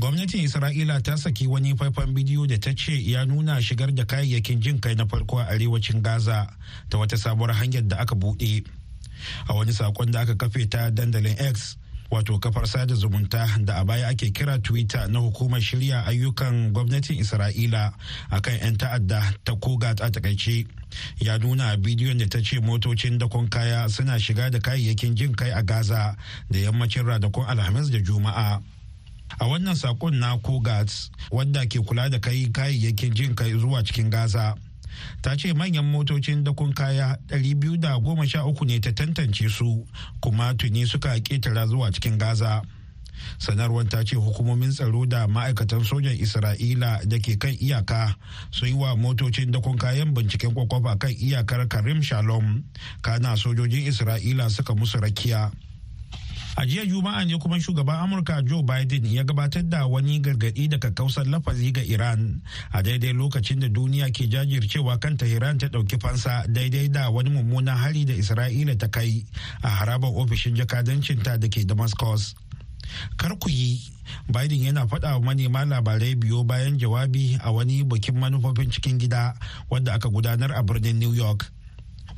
gwamnatin isra'ila ta saki wani faifan bidiyo da ta ce ya nuna shigar da kayayyakin jin kai na farko a arewacin gaza ta wata sabuwar hanyar da aka buɗe a wani sakon da aka kafe ta dandalin x wato kafar sada zumunta da a baya ake kira twitter na hukumar shirya ayyukan gwamnatin isra'ila a kan 'yan ta'adda ta kogat a takaice ya nuna a bidiyon da ta ce motocin dakon kaya suna shiga da kayayyakin jin kai a gaza da yammacin radakon alhamis da juma'a a wannan sakon na kogats wadda ke kula da kai kayayyakin jin kai zuwa cikin gaza ta ce manyan motocin dakon kaya 213 ne ta tantance su kuma tuni suka ketara zuwa cikin gaza sanarwar ta ce hukumomin tsaro da ma'aikatan sojan isra'ila da ke kan iyaka sun yi wa motocin dakon kayan binciken kwakwafa kan iyakar karim shalom kana sojojin isra'ila suka musu rakiya A jiya Juma'a ne kuma shugaban Amurka Joe Biden ya gabatar da wani gargaɗi daga kausar lafazi ga Iran a daidai lokacin da duniya ke jajircewa kan Tehran ta ɗauki fansa daidai da wani mummunan hari da Isra'ila ta kai a harabar ofishin jakadancinta da ke Damascus. Kar ku yi, Biden yana faɗa wa manema labarai biyo bayan jawabi a wani bikin manufofin cikin gida wanda aka gudanar a birnin New York.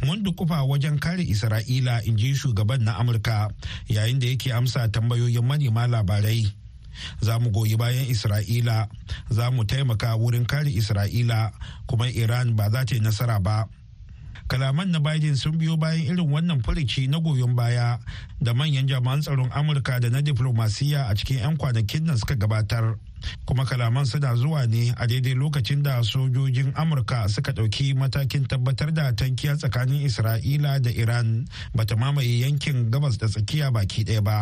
mun dukufa wajen kare isra'ila in ji shugaban na amurka yayin da yake amsa tambayoyin manema labarai za mu goyi bayan isra'ila za mu taimaka wurin kare isra'ila kuma iran ba za ta yi nasara ba kalaman na biden sun biyo bayan irin wannan furici na goyon baya da manyan jami'an tsaron amurka da na diflomasiya a cikin 'yan kwanakin nan suka gabatar kuma kalaman suna zuwa ne a daidai lokacin da sojojin amurka suka ɗauki matakin tabbatar da tankiya tsakanin isra'ila da iran bata mamaye yankin gabas da tsakiya baki ɗaya ba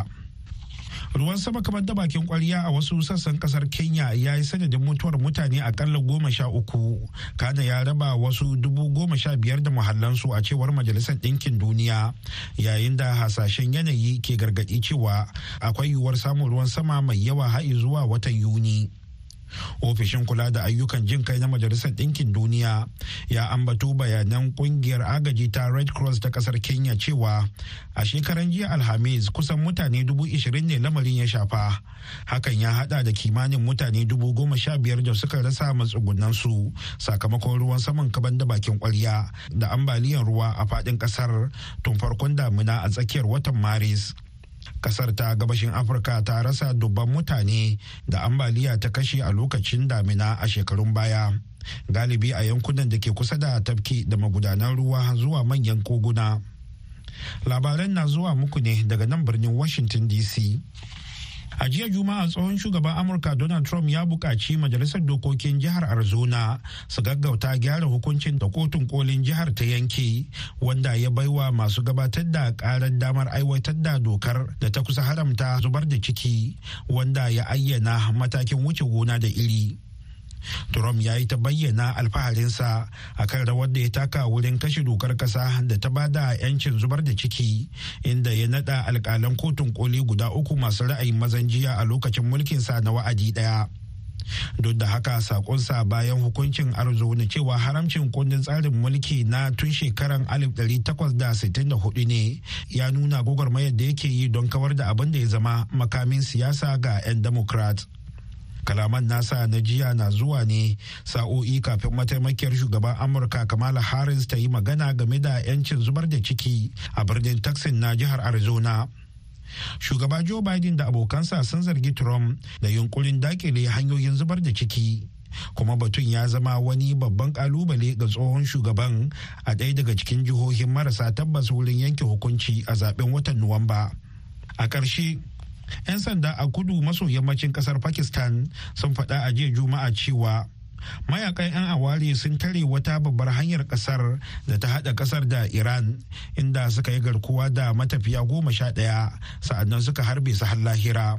ruwan sama kamar da bakin kwarya a wasu sassan kasar kenya ya yi sanadin mutuwar mutane akalla goma sha uku kada ya raba wasu dubu goma sha biyar da muhallansu a cewar majalisar ɗinkin duniya yayin da hasashen yanayi ke gargaɗi cewa akwai yiwuwar samun ruwan sama mai yawa har zuwa watan yuni ofishin kula da ayyukan jin kai na majalisar ɗinkin duniya ya ambato bayanan kungiyar agaji ta red cross ta ƙasar kenya cewa a shekaran jiya alhamis kusan mutane dubu ishirin ne lamarin ya shafa hakan ya hada da kimanin mutane dubu goma sha biyar da suka rasa matsugunan su sakamakon ruwan saman kaban da bakin kwarya da ambaliyar ruwa a faɗin ƙasar tun farkon damina a tsakiyar watan maris kasar ta gabashin afirka ta rasa dubban mutane da ambaliya ta kashe a lokacin damina a shekarun baya galibi a yankunan da ke kusa da tafki da magudanan ruwa zuwa manyan koguna labaran na zuwa muku ne daga nan birnin washington dc A jiya Juma'a tsohon shugaban Amurka Donald Trump ya buƙaci majalisar dokokin jihar Arizona su gaggauta gyara hukuncin da kotun kolin jihar ta yanke wanda ya baiwa masu gabatar da ƙarar damar aiwatar da dokar da ta kusa haramta zubar da ciki wanda ya ayyana matakin wuce gona da iri. Trump ya yi ta bayyana alfaharinsa a kan rawar da ya taka wurin kashe dokar kasa da ta bada 'yancin zubar da ciki inda ya nada alkalan kotun koli guda uku masu ra'ayin mazan jiya a lokacin mulkin sa na wa'adi daya. duk da haka sakonsa bayan hukuncin arzo na cewa haramcin kundin tsarin mulki na tun shekaran 1864 ne ya nuna mayar da yake yi don kawar da abin da ya zama makamin siyasa ga 'yan democrat. kalaman nasa na jiya na zuwa ne sa'o'i kafin mataimakiyar shugaban amurka kamala harris ta yi magana game da 'yancin zubar da ciki a birnin texas na jihar arizona shugaba joe biden da abokansa sun zargi trump da yunkurin dakile hanyoyin zubar da ciki kuma batun ya zama wani babban kalubale ga tsohon shugaban a ɗaya daga cikin jihohin marasa tabbas wurin yanke hukunci a zaben watan nuwamba a ƙarshe 'yan sanda a kudu maso yammacin kasar pakistan sun faɗa a jiya juma'a cewa mayakan 'yan aware sun tare wata babbar hanyar kasar da ta haɗa kasar da iran inda suka yi garkuwa da matafiya goma sha ɗaya sa'annan suka harbe su har lahira.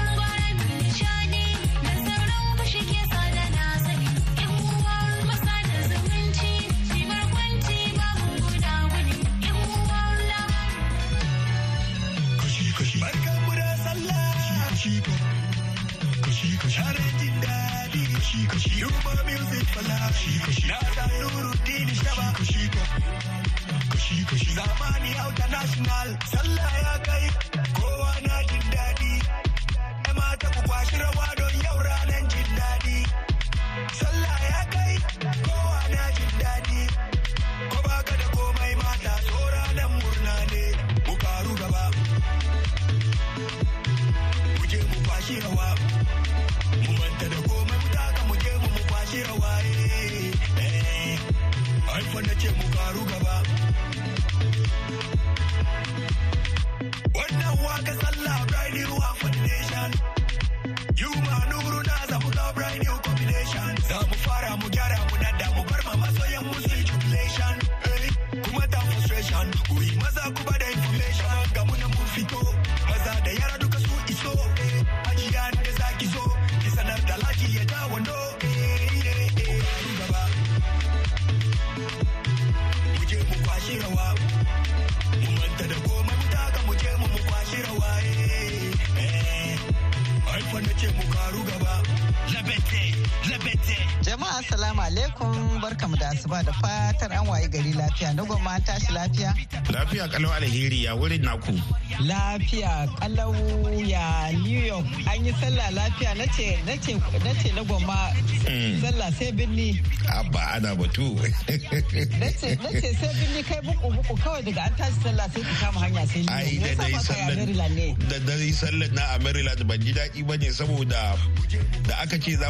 international sallah ya kai kowa na ji alaikum barkamu da asuba da fatar an waye gari lafiya na gwamma tashi lafiya. Lafiya kalau alheri ya wurin naku. lafiya kalau ya new york an yi sallah lafiya na ce na goma mm. sallah sai birni abba ana batu na ce sai birni kai buku buku kawai daga an tashi sallah sai ka kama hanya sai ai da dai ne. da dai sallan na a maryland ban ji daɗi bane saboda da aka ce za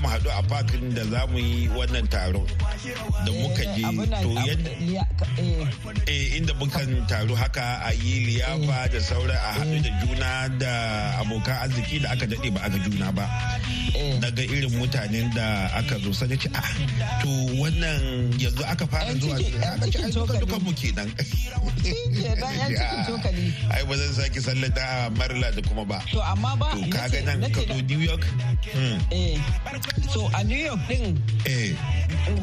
mu haɗu a fakin da za mu yi wannan taron da muka je to yadda eh. Eh, inda mukan taro haka a yi liyafa da saura a haɗu da juna da abokan arziki da aka daɗe ba a ga juna ba daga eh. irin mutanen da aka zo sai ce ah to wannan yanzu aka fara zuwa aka ci ayyukan dukan mu kenan ai ba zan sake sallata a marla da kuma ba to amma ba to ga nan ka zo new york hmm. eh so a new york din eh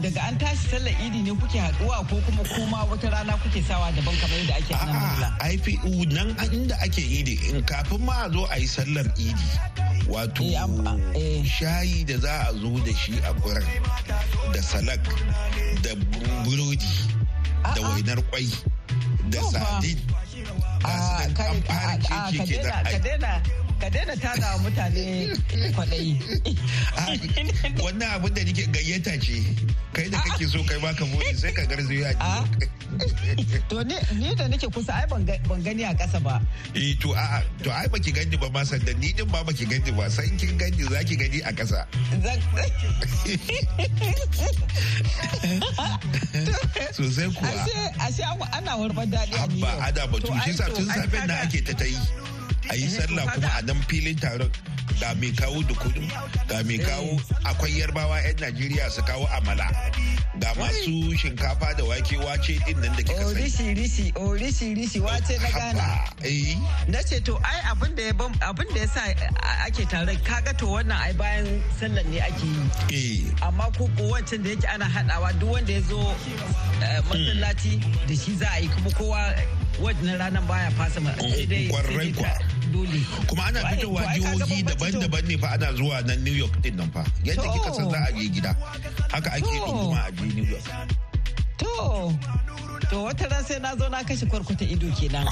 daga an tashi sallar idi ne kuke haduwa ko kuma kuma wata rana kuke sawa daban kamar yadda ake nan nan ai fi nan inda ake idi in kafin ma a zo a yi sallar idi wato eh, eh. shayi da za a zo da shi a gurin da salak da burodi da wainar kwai da sadin ga su nan an ke keke da ka daina tada mutane kwaɗayi. Wannan abin da nike gayyata ce, kai da kake so kai baka motsi sai ka ya ce. Ah. To ni da nake kusa ai ban gani a ƙasa ba. Eh to a'a to ai baki gani ba ma sanda ni din ba baki gani ba san kin gani zaki gani a ƙasa. sai kuwa. Ashe ana warbar dadi a ni. Abba, ada batu, shi sa tun safen na ake ta ta yi. a yi sallah eh, kuma a nan filin taron ga mai kawo da kudu ga mai kawo akwai yarbawa 'yan najeriya su kawo amala ga masu shinkafa da wake wace din nan da kika oh, sani orisi risi o oh, risi wace na gana eh? na ce to ai abin da ya abin da ya sa ake tare kaga to wannan ai bayan sallar ne ake yi eh. amma ko wancan da yake ana hadawa duk wanda ya zo masallaci da shi za a yi kuma kowa wajen ranar baya fasa ma mm, kwarai kwa dole kuma ana fitowa jihohi daban-daban ne fa ana zuwa nan new york din nan fa yadda ke san za a je gida haka ake yi a je new york to to wata ran sai na zo na kashe kwarkwata ido kenan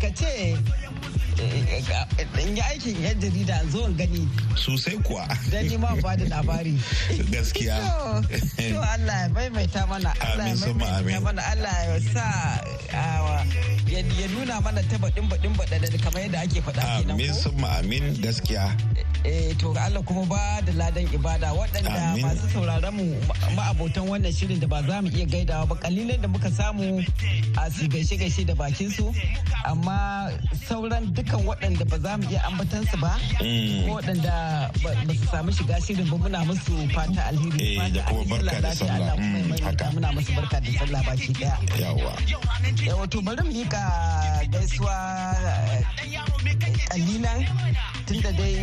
ka ce in yi aikin yan jarida zo gani sosai kuwa dan ni ma ba da labari gaskiya to Allah ya maimaita mana Allah ya maimaita mana Allah ya sa ya nuna mana ta baɗin baɗin baɗaɗa kamar yadda ake faɗa kenan amin summa amin gaskiya eh to ga Allah kuma ba da ladan ibada waɗanda masu sauraron mu ma'abotan wannan shirin da ba za mu iya gaidawa ba kalilan da muka samu a su gaishe gaishe da bakin su amma sauran duk dukkan waɗanda ba za mu iya ambatansu ba mm. ko waɗanda ba su samu shiga shirin ba muna musu fata alheri eh, da kuma barka da sallah mm, haka muna musu barka da sallah baki daya yawa ya wato bari mu yi ka gaisuwa eh, tun da dai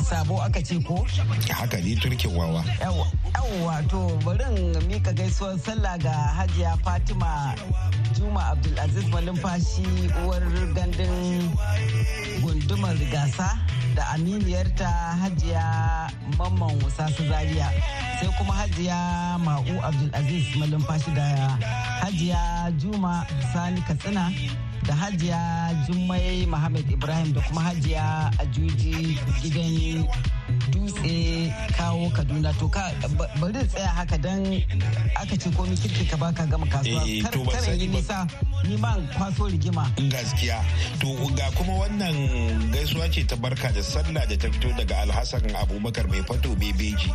sabo aka ce ko haka ni turkin wawa yawa to bari mu ka gaisuwar sallah ga hajiya fatima juma abdulaziz malumfashi uwar gandun gundumar gasa da aminiyarta hajiya mamman wasasu zaria sai kuma hajiya ma'u abdulaziz malumfashi da hajiya juma sani katsina da hajiya jummai muhammad ibrahim da kuma hajiya ajuji gidan dutse kawo kaduna to ka bari tsaya haka don aka ce komi kirki ka baka gama kasuwa eh, kar yi nisa ni ma kwaso rigima gaskiya to ga kuma wannan gaisuwa ce ta barka da sallah da ta fito daga alhasan abubakar mai fato bebeji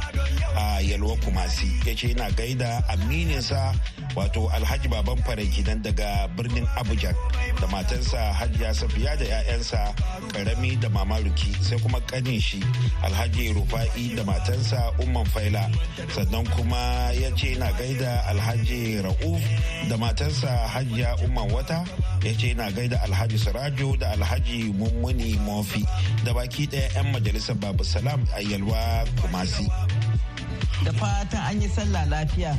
a yalwa kumasi ya ce gaida gaida amininsa wato alhaji baban faraki nan daga birnin abuja da matansa hajiya safiya da 'ya'yansa karami da mama ruki sai kuma kanin shi alhaji ali rufa'i da matansa umman faila sannan kuma ya ce na gaida alhaji ra'uf da matansa hajiya umman wata ya ce na gaida alhaji sirajo da alhaji mummuni mofi da baki ɗaya 'yan majalisar babu salam a yalwa kumasi da fata an yi sallah lafiya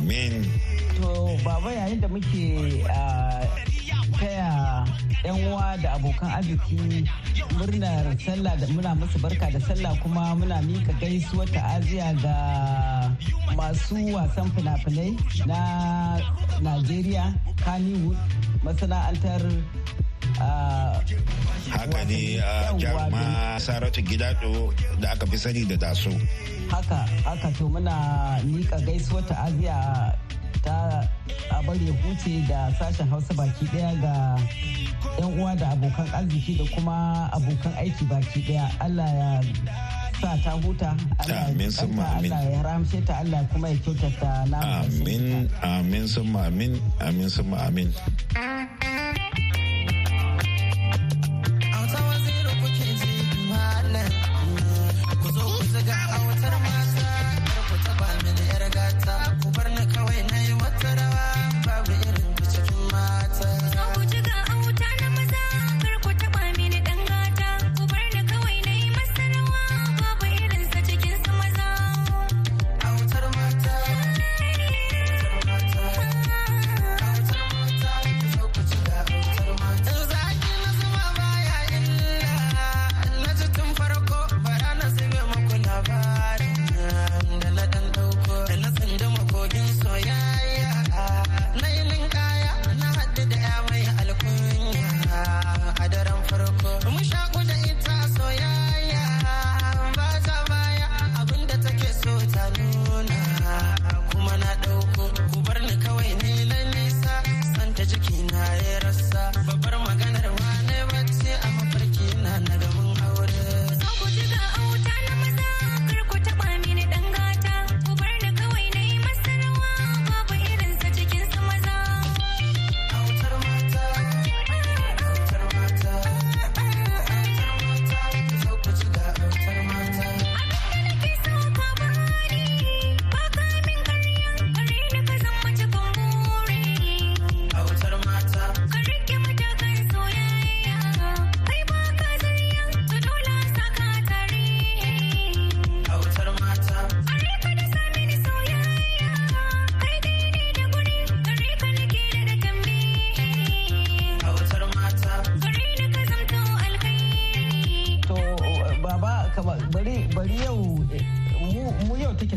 amin to baba yayin da muke ah, taya yan uwa da abokan arziki murnar sallah da muna musu barka da sallah kuma muna mika gaisuwar aziya ga masu wasan fina-finai na nigeria Kannywood masana'antar ah, haka ne ah, a jaruma saratu gidado da aka fi sani da daso haka haka to muna mika gaisuwar aziya. ta abar ya huce da sashen hausa baki daya ga yan uwa da abokan arziki da kuma abokan aiki baki daya allah ya sa ta huta Allah ya ramshe ta Allah kuma ya kyautata na amin amin amin amin amin amin ah.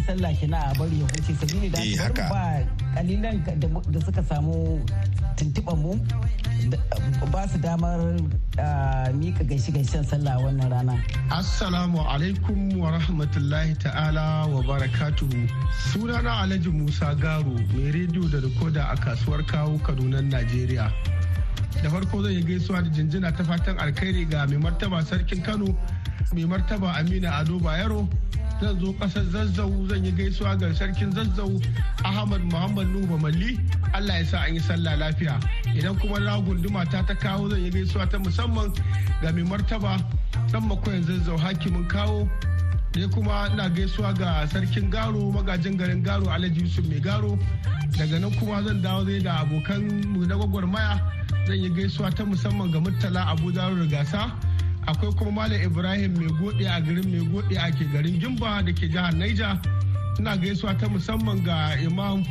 sallah na a bari ya huce sabili da eh, haka ba kalilan da suka samu tuntuɓa mu um, ba su damar mika gaishe gaishen sallah wannan rana. Assalamu alaikum wa rahmatullahi ta'ala wa barakatuhu. Sunana Alhaji Musa Garo mai rediyo da rikoda a kasuwar kawo Kadunan Najeriya. Da farko zai yi gaisuwa da jinjina ta fatan alkhairi ga mai martaba sarkin Kano mai martaba amina ado bayero zan zo kasar zazzau zan yi gaisuwa ga sarkin zazzau ahmad muhammad nuhu bamalli allah ya sa an yi sallah lafiya idan kuma na gunduma ta ta kawo zan yi gaisuwa ta musamman ga mai martaba dan makoyan zazzau hakimin kawo ne kuma ina gaisuwa ga sarkin garo magajin garin garo alhaji yusuf mai garo daga nan kuma zan dawo zai da abokan mu na gwagwarmaya zan yi gaisuwa ta musamman ga murtala abu daru gasa akwai kuma malam ibrahim mai gode a garin mai gode a ke garin jimba da ke jihar naija ina gaisuwa ta musamman ga imam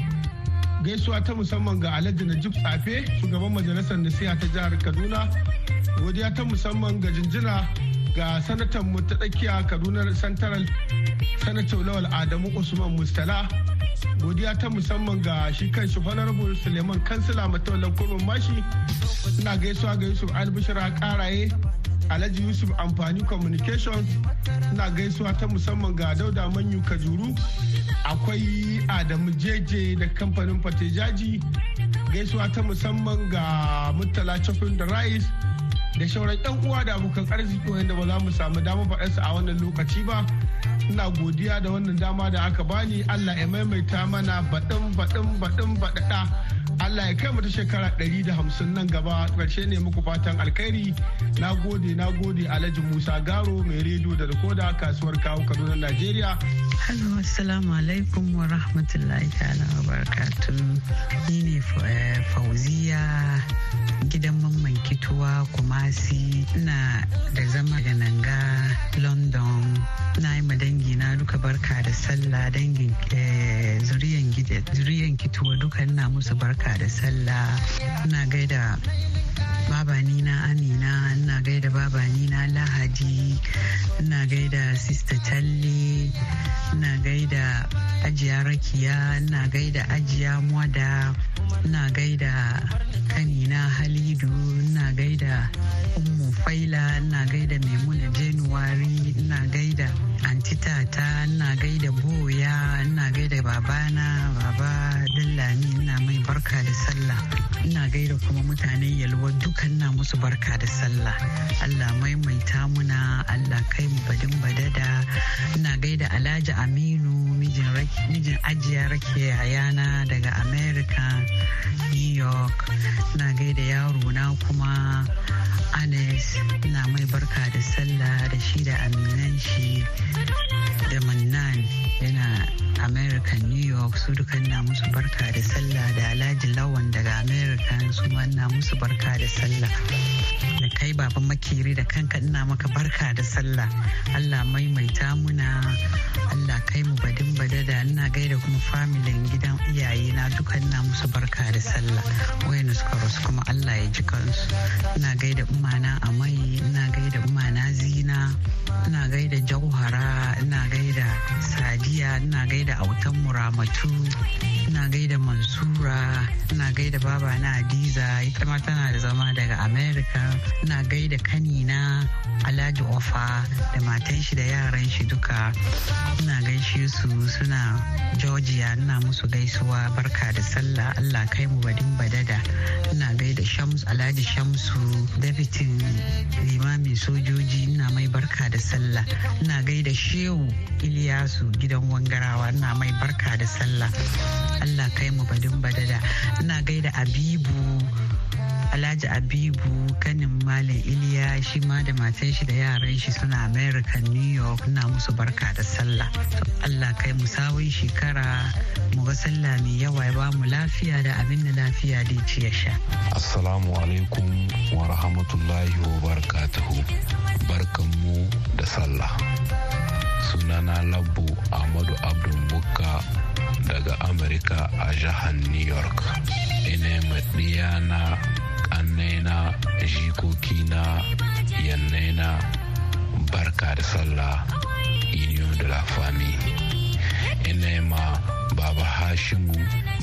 gaisuwa ta musamman ga alhaji najib tsafe shugaban majalisar nasiha ta jihar kaduna godiya ta musamman ga jinjina ga sanatan mu ta tsakiya kaduna central sanata lawal adamu usman mustala godiya ta musamman ga shi kan shi honorable suleiman kansila mataulan kurmin mashi ina gaisuwa ga yusuf albishira karaye Alhaji Yusuf Amfani Communications na gaisuwa ta musamman ga Dauda Manyu Kajuru akwai Adamu Jeje da kamfanin Fatejaji gaisuwa ta musamman ga Murtala Chafin da Rice da shauran yan uwa da abokan arziki wanda ba za mu samu dama su a wannan lokaci ba ina godiya da wannan dama da aka bani allah ya maimaita mana baɗin baɗin baɗin baɗaɗa allah ya kai mu ta shekara ɗari da hamsin nan gaba ƙarshe ne muku fatan alkhairi na gode na gode alhaji musa garo mai rediyo da rikoda kasuwar kawo kaduna najeriya Hello, assalamu alaikum wa rahmatullahi ta'ala wa barakatun Ni ne eh, Fauziya gidan mamman kituwa kuma kumasi na da zama ga nanga london na yi ma dangi na duka barka da sallah dangin eh, zuriyan kituwa duka na musu barka da sallah na gaida babani na amina na gaida babani na lahadi na gaida sista talle na gaida ajiya rakiya na gaida ajiya mwada na gaida kanina halidu faila ina gaida maimuna januwari ina gaida anti tata ina gaida boya ina gaida babana baba dillami ina mai barka da sallah ina gaida kuma mutanen yalwa duka na musu barka da sallah allah maimaita muna allah kai mu badin badada ina gaida alhaji aminu mijin ajiya rake yana daga america new york ina gaida yaro na kuma anes na mai barka da sallah da shi da aminan shi da mannan yana america new york su duka na musu barka da sallah da alhaji lawan daga america su ma na musu barka da sallah da kai baba makiri da kanka ina maka barka da sallah allah maimaita muna allah kai mu badin bada da ina gaida kuma familin gidan iyaye na duka na musu barka da sallah wayanda suka rasu kuma allah ya ji kansu ina gaida umana amai ina gaida umana zina ina gaida jauhara ina gaida sadiya ina gaida autan muramatu ina gaida mansura ina gaida baba na adiza ita ma tana da zama daga america ina gaida kanina alhaji ofa da matan shi da yaran shi duka ina gaishe su suna georgia ina musu gaisuwa barka da sallah allah kai mu badin badada ina gaida shams alhaji shamsu dabitin limamin sojoji ina mai barka da sallah ina gaida shehu iliyasu gidan wangarawa ina mai barka da sallah Allah kai mu badin badada ina gaida abibu Alhaji Abibu kanin Malam Iliya shi ma da matan shi da yaran shi suna America New York na musu barka da sallah. Allah kai mu sawun shekara mu ga sallah mai yawa ya ba mu lafiya da abin da lafiya da ci ya sha. Assalamu alaikum wa rahmatullahi wa barakatuhu. Barkan da sallah. sunana labbu ahmadu abdul bukka daga amurka a jihar new york ina maɗiyana ƙannena na yannena barka da sallah union de la famille ina ma baba hashimu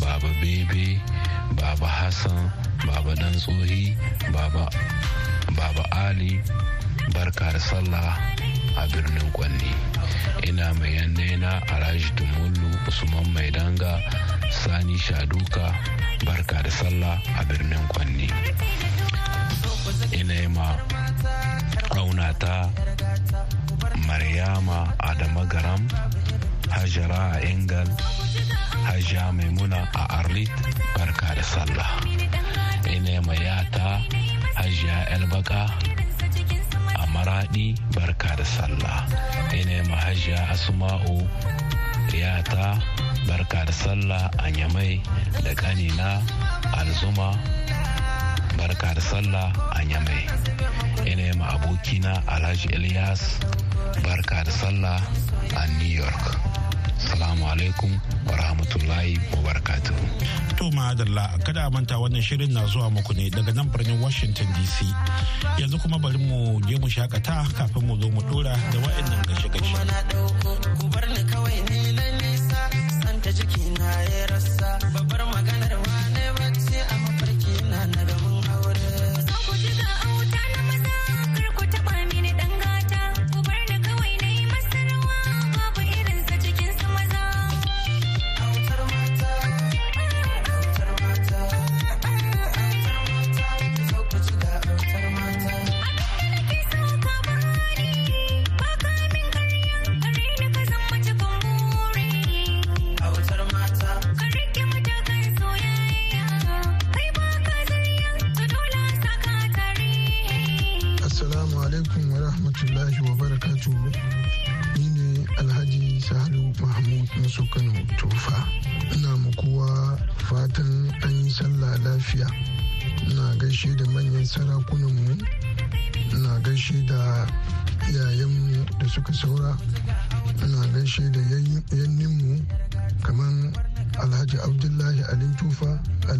baba bebe baba hassan baba dan baba ali barka da sallah a birnin kwanne ina mai yannaina alhaji tumulu usman mai danga sani shaduka barka da sallah a birnin kwanne ina ma raunata maryama adama garam hajara a ingal hajja maimuna a arlit barka da sallah ina ma yata hajja elbaka Maraɗi barka da sallah ni ne mahajiya asma'u riyata barka da sallah a nyamai da kanina alzuma barka da sallah a nyamai ina ma abokina alhaji elias barka da sallah a new york Assalamu alaikum wa rahmatullahi wa To madalla kada manta wannan shirin na zuwa muku ne daga nan birnin Washington DC. Yanzu kuma bari mu je mu shakata kafin mu zo mu dora da wa'annan gashe-gashe. Kuma na kawai ni na nisa, santa jiki na ya rasa babbar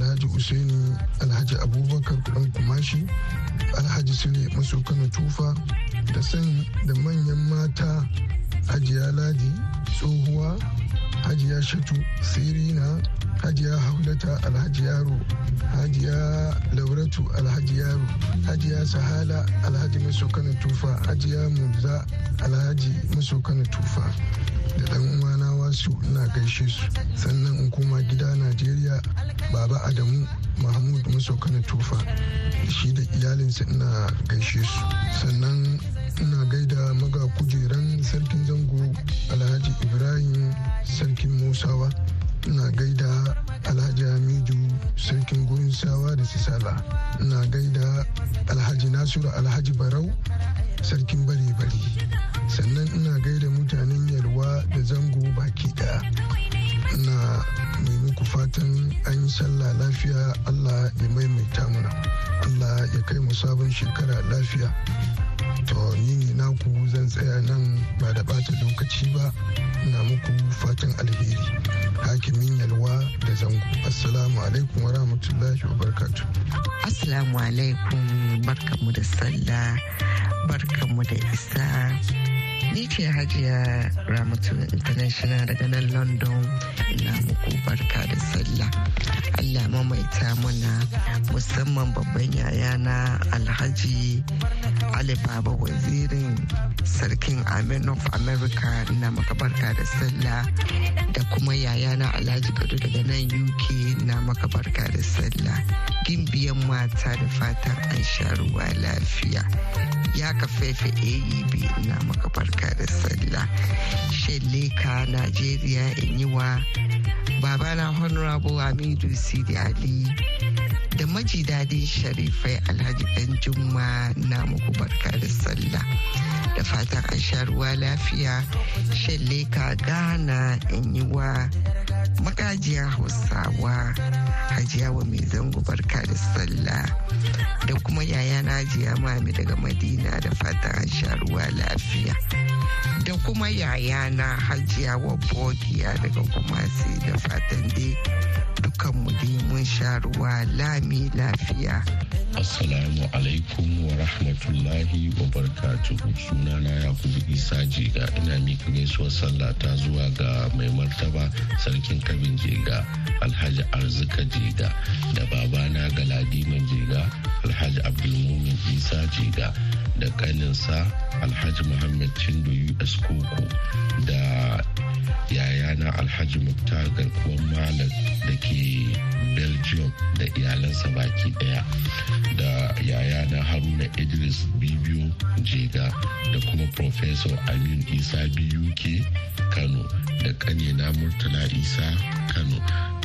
alhaji usaini alhaji abubakar kudin kumashi alhaji sule maso kano tufa da san da manyan mata hajiya ladi tsohuwa hajiya shatu sirina hajiya haulata alhaji yaro hajiya lauratu alhaji yaro hajiya sahala alhaji masokana tufa hajiya murza alhaji masokana tufa da dan uwana su ina gaishe su sannan in koma gida najeriya baba adamu mahmud muso kana tufa shi da iyalinsa ina gaishe su sannan ina gaida maga kujeran sarkin zango alhaji ibrahim sarkin musawa ina gaida alhaji hamidu sarkin gurin sawa da sisala ina gaida alhaji nasiru alhaji barau sarkin bare-bare sannan ina gaida mutanen ya arewa da zango baki daya na mai muku fatan an yi sallah lafiya allah ya maimaita mana allah ya kai mu sabon shekara lafiya to ni ne naku zan tsaya nan ba da bata lokaci ba na muku fatan alheri hakimin yalwa da zango assalamu alaikum wa rahmatullahi wa barkatu assalamu alaikum barkamu da sallah barkamu da isa Ni ce Hajiya Ramatu International daga nan London ina muku barka da sallah. Allah mamaita mana musamman babban yaya na Alhaji Ali Baba wazirin sarkin Amen of America na makabarta da sallah da kuma yayana Alhaji Kado daga nan UK na makabarta da sallah. Gimbiyan mata da fatan an sha ruwa lafiya. Ya kafefe AEB na makabarta da sallah. Shelleka Najeriya Inyiwa. Babana Honorable Amidu Sidi Ali. da maji sharifai alhaji dan juma na muku barka da sallah da fatan an sha ruwa lafiya shalleka ghana in yi wa magajiya hausawa hajiya wa mai zango barka da sallah da kuma yaya na mami daga madina da fatan an sha lafiya da kuma yaya na hajiya wa bodiya daga kumasi da fatan dai dukanmu dai mun sha ruwa lami lafiya. Assalamu alaikum wa rahmatullahi wa Suna sunana Yakubu Isa Jega ina mika gaisuwar sallah ta zuwa ga mai martaba sarkin kabin Jega Alhaji Arzika Jega da babana Galadiman Jega Alhaji Abdulmumin Isa Jega da kaninsa Alhaji Muhammad Chindo US da yayana alhaji muktar garkuwar malam da ke belgium da iyalansa baki daya da yayana haruna idris bibiyu jega da kuma professor amin isa buk kano da kanina murtala isa kano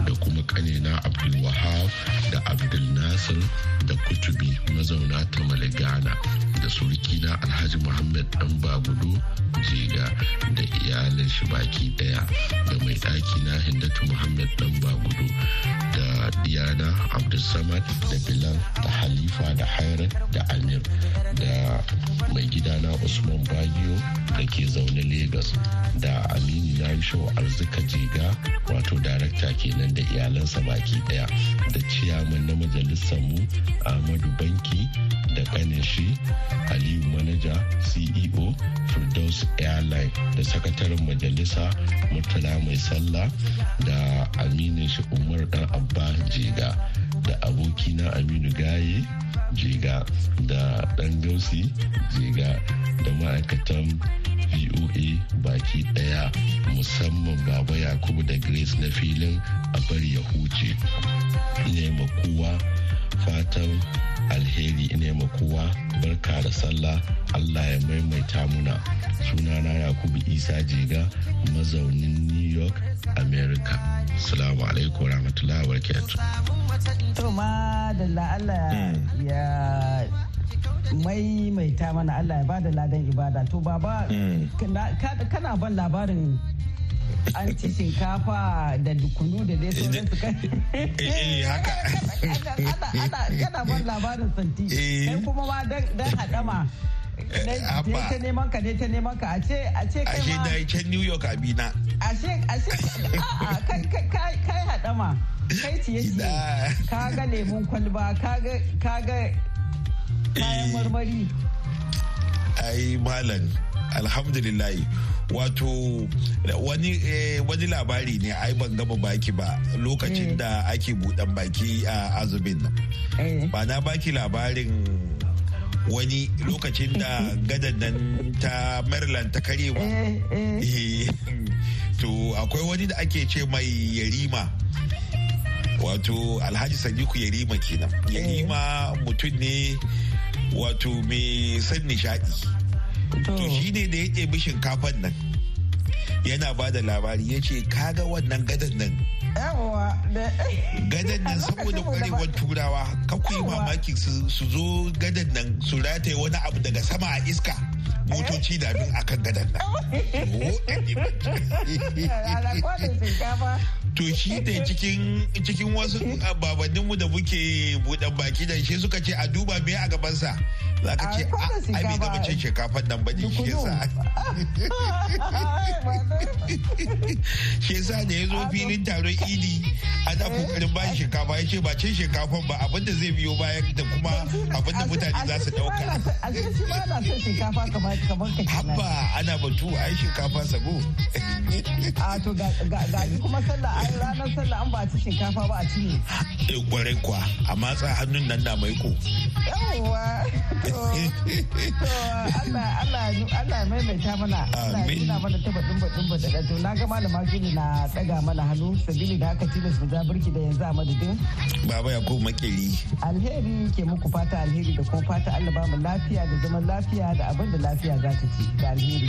da kuma kanina abdulwahab da abdul nasir da kutubi mazauna ta malagana. da surukina alhaji muhammad dan bagudu jega da iyalin shi baki daya da mai ɗaki na hindatu muhammad dan bagudu da diana abdulsamad da bilal da halifa da hairat da amir da mai gidana usman bagiyo da ke zaune lagos da aminu ya yi shawo arzika jega wato darakta kenan da iyalansa baki daya da ciyaman na majalisar mu ahmadu banki da kanin aliyu manaja ceo firdaus airline da sakataren majalisa murtala mai sallah da aminu shi umar dan abba jega da abokina aminu gaye jega da dan gausi jega da ma'aikatan voa baki daya musamman baba yakubu da grace na filin a bari ya huce ne ma kowa fatan alheri ne ma kowa barka da sallah allah ya maimaita muna sunana yakubu isa Jiga, mazaunin new york america salamu alaikum rahmatullah wa to ma da allah hmm. ya maimaita mana allah ya ba ladan ibada to baba hmm. kana ban labarin an ci shinkafa da dukunu da dai sauransu kai haka kana ban labarin santi kai kuma ma dan hadama Abba. Ta neman ka ne ta neman ka a ce a ce kai ma. ce da can New York abina. ce ashe a'a a kai kai hadama. Kai ciye ciye. Ka ga lemun kwalba ka ga ka ga kayan marmari. Ai malam. alhamdulillahi wato wani eh, wani labari ne ai ban gama baki ba lokacin mm. da ake buɗan baki a azumin nan eh. ba na baki labarin wani lokacin da gadan nan ta maryland ta kare eh, to akwai wani da ake ce mai yarima wato alhaji sadiku yarima kenan yarima mutum ne wato mai san nishadi to shi ne da ya ɗebi shinkafan nan yana ba da labari ya ce kaga wannan gadan nan gadan nan saboda kwarewar turawa kuyi mamaki su zo gadan nan su rataye wani abu daga sama a iska motoci da bin akan gadan nan to shi ne cikin cikin wasu babanninmu da muke buɗe baki da shi suka ce a duba me a gabansa za ka ce a bai gaba cin shinkafan nan bane shi yasa shi yasa da ya zo filin taron idi ana kokarin ba shinkafa ya ce ba cin shinkafan ba abinda zai biyo bayan da kuma abinda mutane za su dauka habba ana batu a yi shinkafa sabo. a to ga kuma sallah ranar sallah an ba ci shinkafa ba a cinye. Eh kwarai kwa a matsa hannun nan na maiko. Yawwa. Allah Allah Allah maimaita mana. Allah ya mana ta baɗin baɗin baɗin da to na ga malama gini na ɗaga mana hannu sabili da haka tilas mu ja da yanzu a madadin. Baba ya ko makeri. Alheri ke muku fata alheri da kuma fata Allah ba mu lafiya da zaman lafiya da abin da lafiya za ta ci da alheri.